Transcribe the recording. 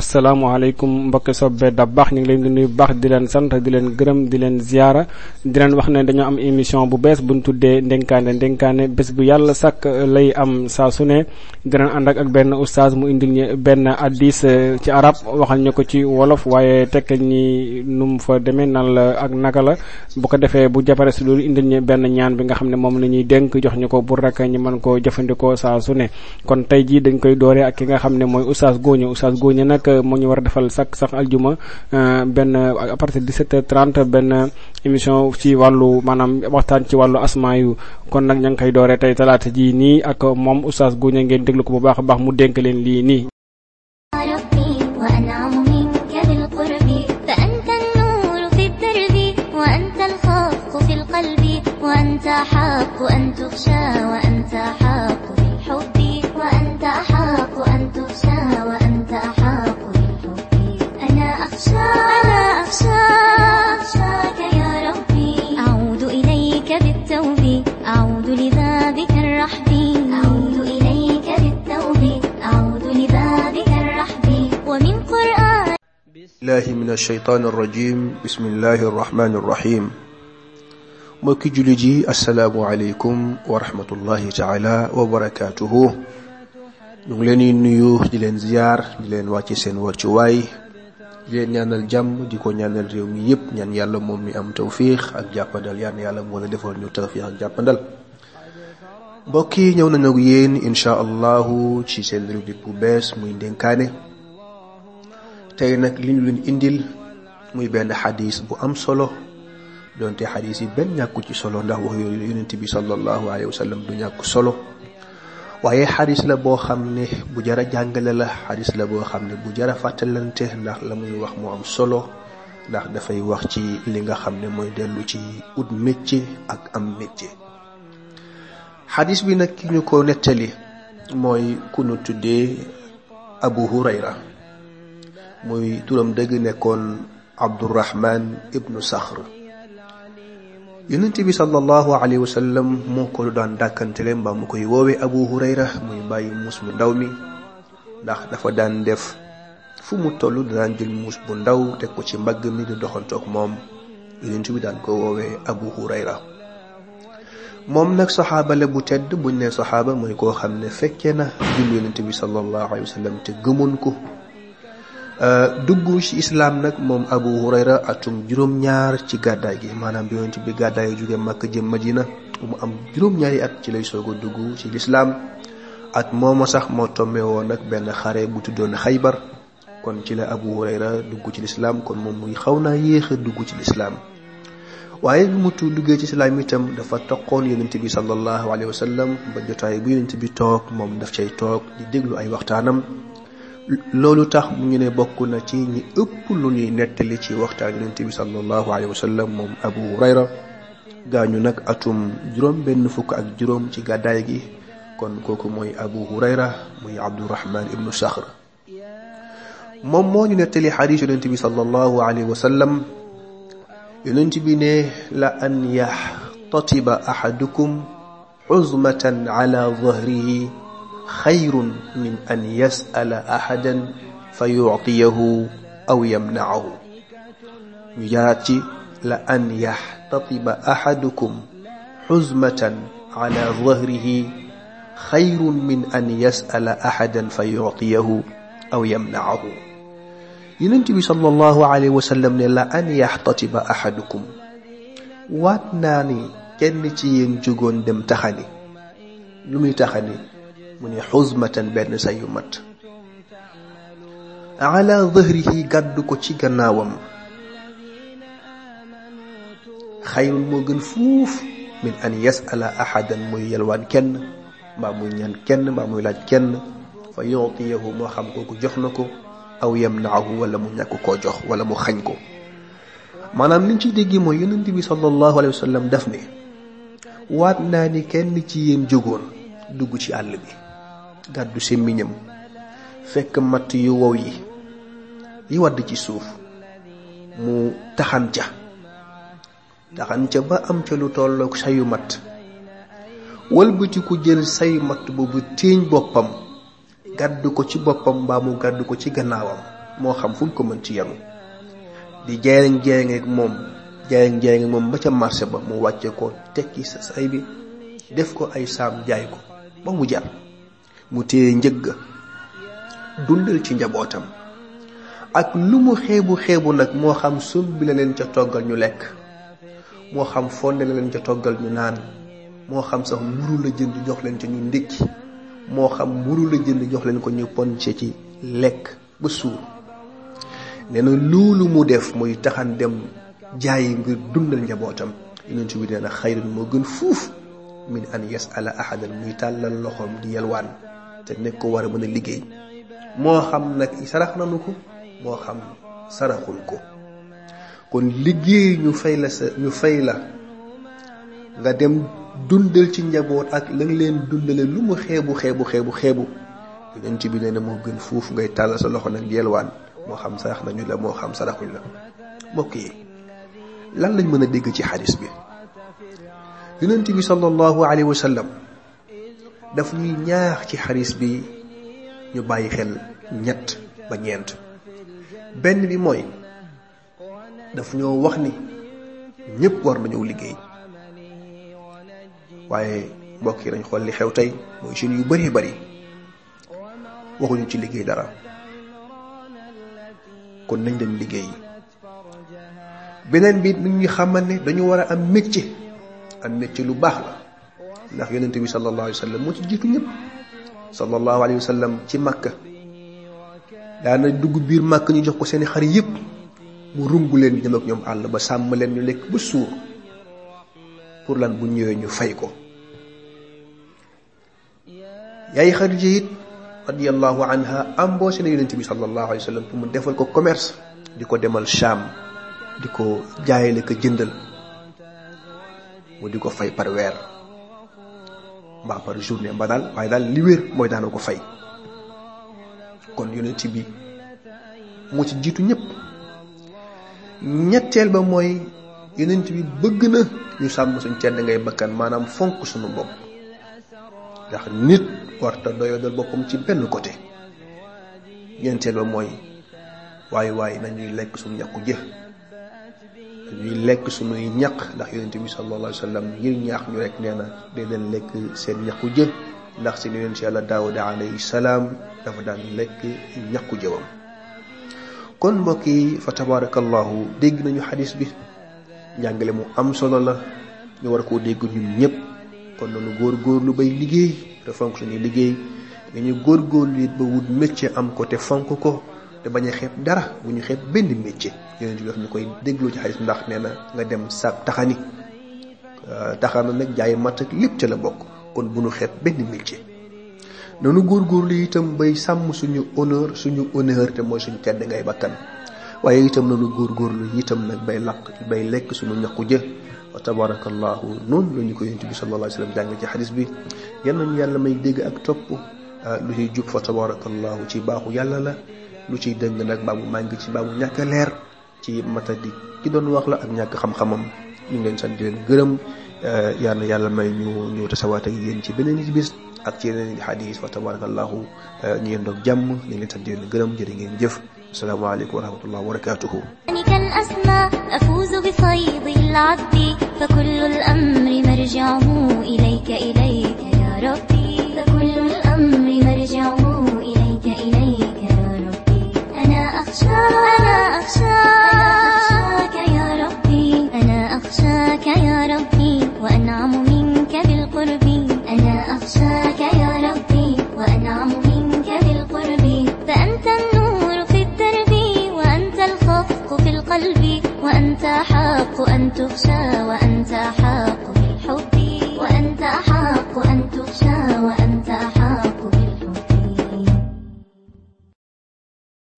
asalaamaaleykum mbokki soppe da baax ñu ngi leen di nuyu baax di leen sant di leen gërëm di leen ziyaara di leen wax ne dañoo am émission bu bees buñ tuddee ndénkaane ndénkaane bés bu yàlla sàkk lay am saa su ne dinañ ànd ak benn oustaz mu indil ñu benn addis eh, ci arab waxal ñu ko ci wolof waaye tekk ñi nu mu fa demee nan la ak naka la bu ko defee bu japare si loolu indil ñu benn ñaan bi nga xam ne moom la ñuy dénk jox ñu ko pour rek ñu mën koo jëfandikoo saa su ne kon tey jii dañ koy dooree ak ki nga xam ne mooy oustaz Gougne oustaz Gougne nag moo ñu war a defal sax sax aljuma euh, benn à partir de 17 benn émission ci wàllu maanaam waxtaan ci wàllu asmaa yu kon nag ña ngi koy dooree tey talaata ji nii ak moom oustaz Gounia ngeen déglu ko bu baax baax mu dénk leen lii nii. أنت أحق أن تخشى وأنت حق بالله min alsheytaan alrajim bismillahi arrahmani irrahim ji asalaamu aleykum taala wa barakatuhu ñu ngi leen di nuyu di leen ziyaar di leen wàcce seen wàccuwaay di leen ñaanal jàmm di ko ñaanal réew mi yàlla moom mi am tawfiix ak jàppandal yaan yàlla moo la defal ak jàppandal mbokki ñëw nañu ak yéen ci seen rubrique bu bees muy ndénkaane tey nag li ñu leen indil muy benn xadiis bu am solo doonte xadis yi benn ñàkku ci solo ndax wax yooyu yonent bi sallallahu sallam du ñàkk solo waaye xadis la boo xam ne bu jar a jàngale la xadis la boo xam ne bu jar a fàttalante ndax la muy wax mu am solo ndax dafay wax ci li nga xam ne mooy dellu ci ut métier ak am métier xadis bi nag ki ñu ko nettali mooy ku ñu tuddee Abu Hurayra muy turam dëgg nekkoon abdurahman ibnu saxr yonent bi sallallahu alayhi wa sallam moo ko daan dàkkantele mbaa mu koy woowee abu hurayra muy bàyyi muus mu ndaw mi ndax dafa daan def fu mu toll danaan jël muus bu ndaw teg ko ci mbagg mi di doxantoog moom yonent bi daan ko woowee abu hurayra moom nag saxaabale bu tedd buñ ne saxaaba mooy koo xam ne fekkee na jul yonent bi sallallahu alayhi wa te gëmun ko Euh, dugg ci islam nag moom Abu Hurayra atum juróom-ñaar ci gàddaay gi maanaam bi yonent bi gàddaay jóge Makka jëm Madina mu am juróom-ñaari at ci lay soog a dugg ci lislaam at mooma sax moo tombé woon nag benn xare bu tuddoon Xaybar kon ci la Abu Hurayra dugg ci lislaam kon moom muy xaw naa yéex dugg ci lislaam waaye bi mu duggee ci islaam itam dafa toqoon yonent bi sallallahu alayhi wa sallam ba jotaay bu yonent bi toog moom daf cay toog di déglu ay waxtaanam loolu tax mu ñu ne bokk na ci ñi ëpp lu ñuy nettali ci waxtaan yonent bi sallallahu alayhi wa sallam moom Abu Hurayra gaañu nag atum juróom benn fukk ak juróom ci gàddaay gi kon kooku moy Abu Hurayra muy Abdurahman ibnu Saxr moom moo nettali xadiis yonent bi sallallahu alayhi wa sallam yonent ne la an yaxtatiba ahadukum xuzmatan ala zahrihi xayrun min an yasala ahadan fa yuctiyahu aw yamnacahu ñu jaraat ci la an yaxtatiba ahadukum xuzmatan ala dahrihi xayrun min an yasala ahadan fa yuctiyahu aw yamnacahu yonent bi sallallahu alayhi wa sallam ne la an yaxtatiba ahadukum waat naa ni kenn ci yéen jógoon dem taxani lu muy taxani mu ne xuzmatan benn say yu mat ala dëhrihi gàddu ko ci gannaawam xayrun moo gën fuuf min an yasala ahadan muy yelwaan kenn mbaa muy ñaan kenn mbaa muy laaj kenn fa yutiyahu moo xam kooku jox na ko aw yamnaahu wala mu ñàkk koo jox wala mu xañ ko maanaam liñ ci dégg mooy yonent bi sallallahu alayhi wa sallam daf ne waat naa ni kenn ci yéen jógoon dugg ci àll bi gàddu sémmiñam fekk matt yu wow yi yi wadd ci suuf mu taxan ca taxan ca ba am ca lu tollook sayu matt wëlbatiku jël sayu matt boobu téeñ boppam gàddu ko ci boppam mbaamu mu gàddu ko ci gannaawam moo xam fu ko mën ci yanu di jeeriñ jeeriñ ak moom jeeriñ jeeriñ moom ba ca marché ba mu wàcce koo tekki sa say bi def ko ay saam jaay ko ba mu jar mu téye njëg dundal ci njabootam ak lu mu xeebu xeebu nag moo xam sumbi la leen ca toggal ñu lekk moo xam fonde la leen ca toggal ñu naan moo xam sax mburu la jënd jox leen ca ñu ndékki moo xam mburu la jënd jox leen ko ñu ponce ci lekk ba suur nee na loolu mu def muy taxan dem jaayi ngir dundal njabootam yonent bi nee na xayrun moo gën fuuf min an yasala ahadan muy tàllal loxoom di yelwaan te nekk ko war a mën a liggéey moo xam nag sarax nanu ko moo xam saraxul ko kon liggéey ñu fay la sa ñu fay la nga dem dundal ci njaboot ak la leen dundale lu mu xeebu xeebu xeebu xeebu yonent bi nee na moo gën fuuf ngay tàll sa loxo nag yelwaan moo xam sarax nañu la moo xam saraxuñ la mbokk yi lan lañ mën a dégg ci xadis bi yonent bi sallallahu alayhi wa sallam daf ñuy ñaax ci xaris bi ñu bàyyi xel ñett ba ñeent benn bi mooy daf ñoo wax ni ñépp war nañoo liggéey waaye mbokk yi nañ xool li xew tey mooy jeunes yu bari bari waxuñu ci liggéey dara kon nañ dem liggéey beneen bi ñu xamal ne dañu war a am métier am métier lu baax la ndax yonent bi sallallahu alayhi wa sallam moo ci jiitu ñëpp sallallahu alayhi wa sallam ci makka daana dugg biir makka ñu jox ko seeni xar yépp mu rungu leen jëm ñoom àll ba sàmm leen ñu lekk ba suur pour lan bu ñëwee ñu fay ko yaay Xadija it radiyallahu anha embauché na yonent bi sallallahu alayhi wa sallam pour mu defal ko commerce di ko demal Sham di ko jaayale ko jëndal mu di ko fay parweer mbaa par journée mbaa daal waaye daal li wér mooy daana ko fay kon yonent bi moo ci jiitu ñëpp ñetteel ba mooy yonent bi bëgg na ñu sàmm suñ tedd ngay bakkan maanaam fonk suñu bopp ndax nit warta doyadal boppam ci benn côté ñeenteel ba mooy waaye waaye nañuy lekk suñu ko jë ñuy lekk suñuy ñaq ndax yonente bi sallallahu alayhi wa sallam ngir ñaax ñu rek nee na day leen lekk seen ñaqu jë ndax si yonent si yàlla daawuda alayhi salaam dafa daan lekk ñaqu jëwam kon mbokk yi fa tabaarakallahu dégg nañu xadis bi njàngale mu am solo la ñu war ko dégg ñun ñëpp kon nañu góor góorlu bay liggéey te fonk suñuy liggéey dañu góor góorlu it ba wut métier am ko te fonk ko te bañ a xeeb dara bu ñu xeeb benn métier yeneen ci ñu koy déglu ci xadis ndax nee na nga dem sab taxani euh, taxana nag jaay matt ak lépp ca la bokk kon bu ñu xeeb benn góor nanu góorgóorlu itam bay sàmm suñu honneur suñu honneur te mooy suñu tedd ngay bakkan waaye itam nanu góorgóorlu itam nag bay làq bay lekk suñu ñaqu jë wa tabarakallahu noonu la ñu ko yonent bi sallallahu alayhi wa sallam jàng ci xadis bi yal nañu yàlla may dégg ak topp euh, lu ciy jub fa tabarakallahu ci baaxu yàlla la lu ciy dëng nag mbaa mu màng ci mbaa mu ñàkk leer ci matadi ki doon wax la ak ñàkk xam-xamam ñu ngi leen sant di leen gërëm eh, yàlla yàlla may ñu ñu tasawaat ak yéen ci beneen bis ak ci yeneen i xadis wa tabarakallahu eh, ñu yéen doog jàmm ñu ngi leen sant di leen gërëm jërë ngeen jëf asalaamaaleykum wa rahmatullahi wa barakatuhu الأسماء أفوز بصيد العدل فكل الأمر مرجعه إليك إليك أن تخشى